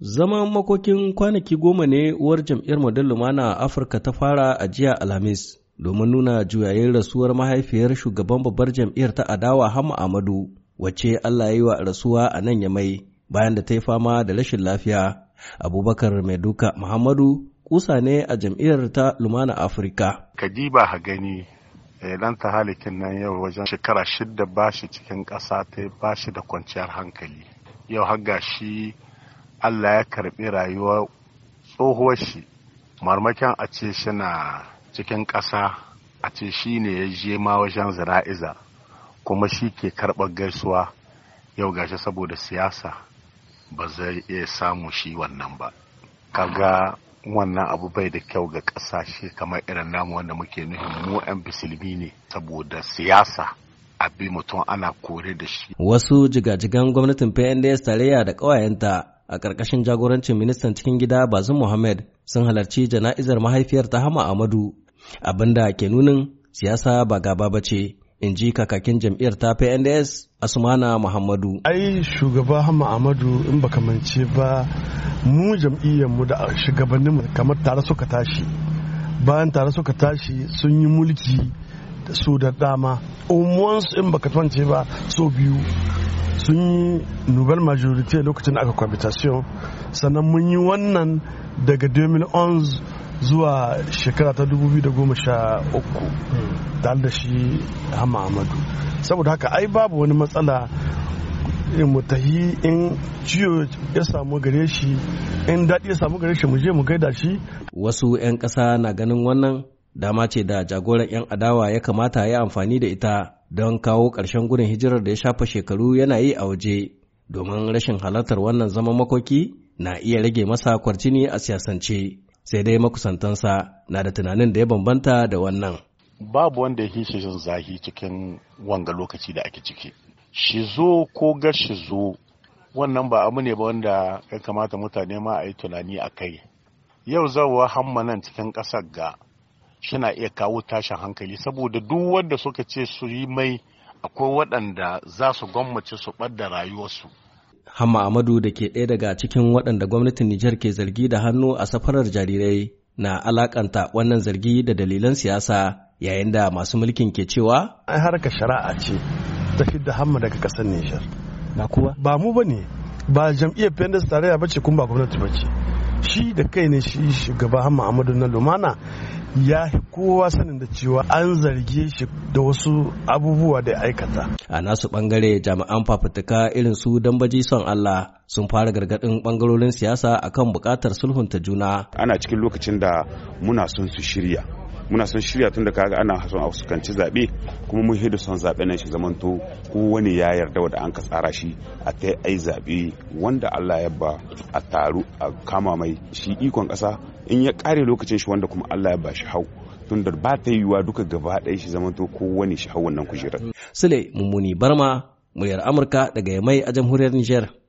Zaman makokin kwanaki goma ne uwar jam'iyyar Model Lumana a Afirka ta fara a jiya Alhamis domin nuna juyayin rasuwar mahaifiyar shugaban babbar jam'iyyar ta adawa Hamma Amadu Wace Allah yi wa rasuwa a nan mai? bayan da ta yi fama da rashin lafiya. Abubakar Maiduka Muhammadu kusa ne a jam'iyyar ta Lumana Afirka. Kadiba Hagani eh, dan ta halikin nan yau wajen shekara shidda bashi cikin ƙasa ta bashi da kwanciyar hankali. Yau har gashi allah ya karbi rayuwar tsohuwar shi marmakin a ce shi na cikin ƙasa a ce shi ne ya je ma wajen zira'iza kuma shi ke karɓar gaisuwa yau gashi saboda siyasa ba zai iya samu shi wannan ba kaga wannan abu bai da kyau ga ƙasashe kamar irin namu wanda muke nuhin mu 'yan bisilmi ne saboda siyasa abi mutum ana kore da shi wasu jigajigan gwamnatin pnds tarayya da ƙawayenta a ƙarƙashin jagorancin ministan cikin gida bazin Mohammed sun halarci jana'izar mahaifiyar ta Hama Amadu abinda ke nunin siyasa ba gaba ba ce in ji kakakin jam'iyyar ta PNDS Asmana Muhammadu. Ai shugaba Hama Amadu in ba kamance ba mu jam'iyyarmu da shugabannin mu kamar tare suka tashi bayan tare suka tashi sun yi mulki su da dama umuwansu in baka fance ba so biyu sun yi nouvelle majorité lokacin da aka cohabitation sannan mun yi wannan daga 2011 zuwa shekara ta 2013 da da shi hama amadu saboda haka ai babu wani matsala mutahi in ciyo ya samu gare shi in daɗi ya samu gare shi mu je mu gaida shi wasu 'yan ƙasa na ganin wannan dama ce da jagoran 'yan adawa ya kamata ya amfani da ita don kawo ƙarshen gudun hijirar da ya shafa shekaru yana yi a waje domin rashin halartar wannan zaman makoki na iya rage masa kwarcini a siyasance sai dai makusantansa na da tunanin da ya bambanta da wannan babu wanda ya hishe shi zahi cikin wanga lokaci da ake ciki shi zo ko gar shi zo wannan ba abu ne ba wanda ya kamata mutane ma a yi tunani a kai yau zawa nan cikin ƙasar ga Suna iya kawo tashin hankali saboda duk wanda suka ce su yi mai akwai waɗanda za su gwammace su ɓadda rayuwarsu. Hamma Amadu da ke ɗaya daga cikin waɗanda gwamnatin Nijar ke zargi da hannu a safarar jarirai na alakanta wannan zargi da dalilan siyasa yayin da masu mulkin ke cewa. An harkar shari'a ce ta da hamma daga ƙasar Nijar. Ba kuwa? Ba mu ba ne, ba jam'iyyar Pendas tarayya ba ce kuma ba gwamnati ba ce. shi da kai ne shi shugaba Muhammadu na lumana ya kowa sanin da cewa an zarge shi da wasu abubuwa da aikata. A nasu bangare jami'an fafutuka irin su dambaji son Allah sun fara gargadin bangarorin siyasa akan bukatar sulhunta juna. Ana cikin lokacin da muna son su shirya. muna son shirya tun da kaga ana son a fuskanci zaɓe kuma mun hidu son zaɓe nan shi zamanto ko wani ya yarda wanda an ka tsara shi a ta ai zaɓe wanda Allah ya ba a taru a kama mai shi ikon ƙasa in ya kare lokacin shi wanda kuma Allah ya ba shi hau tun da ba ta yiwuwa duka gaba ɗaya shi zamanto ko wani shi hau wannan kujerar. Sule Mummuni Barma, muryar Amurka daga Yamai a jamhuriyar Nijar.